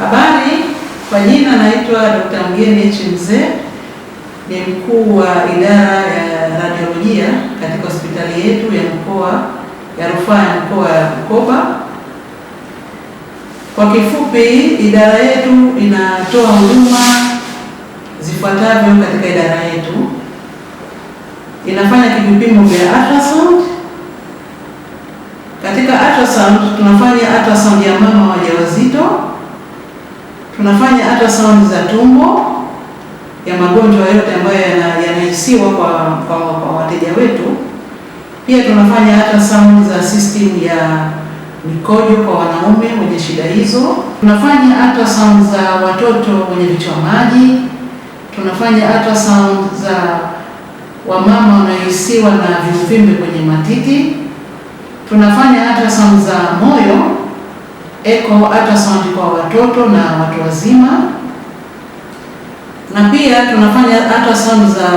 Habari, kwa jina naitwa Dr. Mgeni H. Mzee, ni mkuu wa idara ya radiolojia katika hospitali yetu ya mkoa ya rufaa ya mkoa ya Bukoba. Kwa kifupi, idara yetu inatoa huduma zifuatavyo katika idara yetu. Inafanya vipimo vya ultrasound. Katika ultrasound tunafanya ultrasound ya tunafanya hata sound za tumbo ya magonjwa yote ambayo yanahisiwa kwa, kwa, kwa wateja wetu. Pia tunafanya hata sound za system ya mikojo kwa wanaume wenye shida hizo. Tunafanya hata sound za watoto wenye vichwa maji. Tunafanya hata sound za wamama wanaohisiwa na vivimbe kwenye matiti. Tunafanya hata sound za moyo echo ultrasound kwa watoto na watu wazima, na pia tunafanya ultrasound za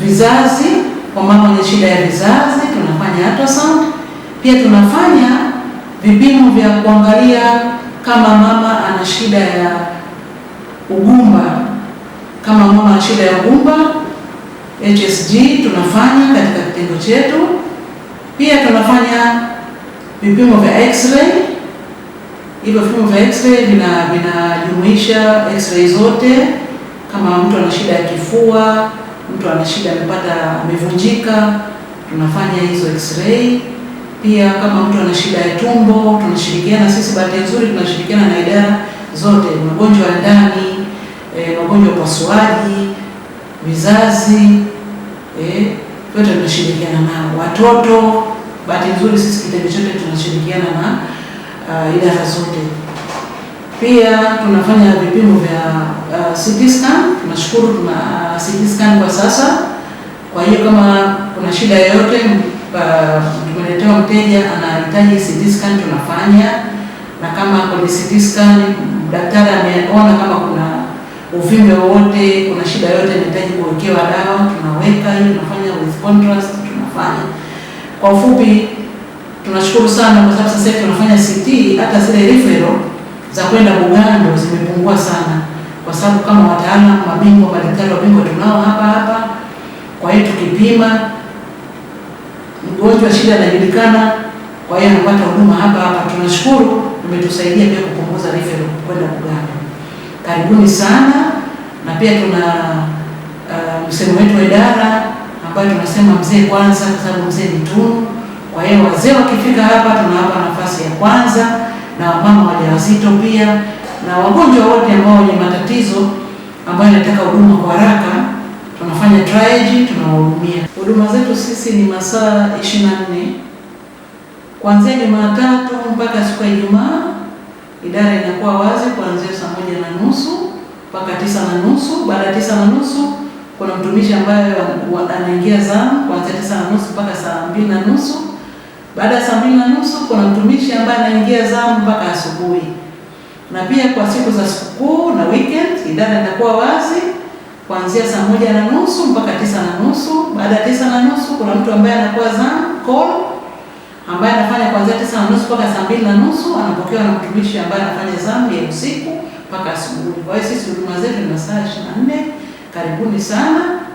vizazi kwa mama wenye shida ya vizazi, tunafanya ultrasound pia. Tunafanya vipimo vya kuangalia kama mama ana shida ya ugumba, kama mama ana shida ya ugumba HSG tunafanya katika kitengo chetu. Pia tunafanya vipimo vya x-ray. Hivyo vipimo vya x-ray vinajumuisha x-ray zote, kama mtu ana shida ya kifua, mtu ana shida amepata amevunjika, tunafanya hizo x-ray. Pia kama mtu ana shida ya tumbo, tunashirikiana sisi, bahati nzuri tunashirikiana na idara zote, magonjwa ya ndani, e, magonjwa ya upasuaji, vizazi, eh, yote tunashirikiana nao, watoto Bahati nzuri sisi kitengo chote tunashirikiana na uh, idara zote. Pia tunafanya vipimo vya uh, CT scan. Tunashukuru tuna uh, CT scan kwa sasa. Kwa hiyo kama kuna shida yoyote uh, tumeletewa mteja anahitaji CT scan tunafanya, na kama kwenye CT scan daktari ameona kama kuna uvimbe wowote, kuna shida yoyote anahitaji kuwekewa dawa, tunaweka hiyo, tunafanya with contrast, tunafanya kwa ufupi, tunashukuru sana kwa sababu sasa hivi tunafanya CT, hata zile referral za kwenda Bugando zimepungua sana, kwa sababu kama wataalamu mabingwa, madaktari wabingwa tunao hapa hapa. Kwa hiyo tukipima mgonjwa, shida anajulikana, kwa hiyo anapata huduma hapa hapa. Tunashukuru, umetusaidia pia kupunguza referral kwenda Bugando. Karibuni sana, na pia tuna uh, msemo wetu wa idara ambayo tunasema mzee kwanza, kwa sababu mzee ni tunu. Kwa hiyo wazee wakifika hapa tunawapa nafasi ya kwanza, na wamama wajawazito pia na wagonjwa wote ambao wenye matatizo ambayo yanataka huduma kwa haraka, tunafanya triage, tunawahudumia. Huduma zetu sisi ni masaa 24 kuanzia Jumatatu mpaka siku ya Ijumaa. Idara inakuwa wazi kuanzia saa moja na nusu mpaka tisa na nusu. Baada ya tisa na nusu kuna mtumishi ambaye anaingia zamu kuanzia tisa na nusu mpaka saa mbili na nusu. Baada ya saa mbili na nusu kuna mtumishi ambaye anaingia zamu mpaka asubuhi. Na pia kwa siku za sikukuu na weekend idara inakuwa wazi kuanzia saa moja na nusu mpaka tisa na nusu. Baada ya tisa na nusu kuna mtu ambaye anakuwa zamu call ambaye anafanya kuanzia tisa na nusu mpaka saa mbili na nusu anapokewa na mtumishi ambaye anafanya zamu ya usiku mpaka asubuhi. Kwa hiyo sisi huduma zetu ni masaa na nne. Karibuni sana.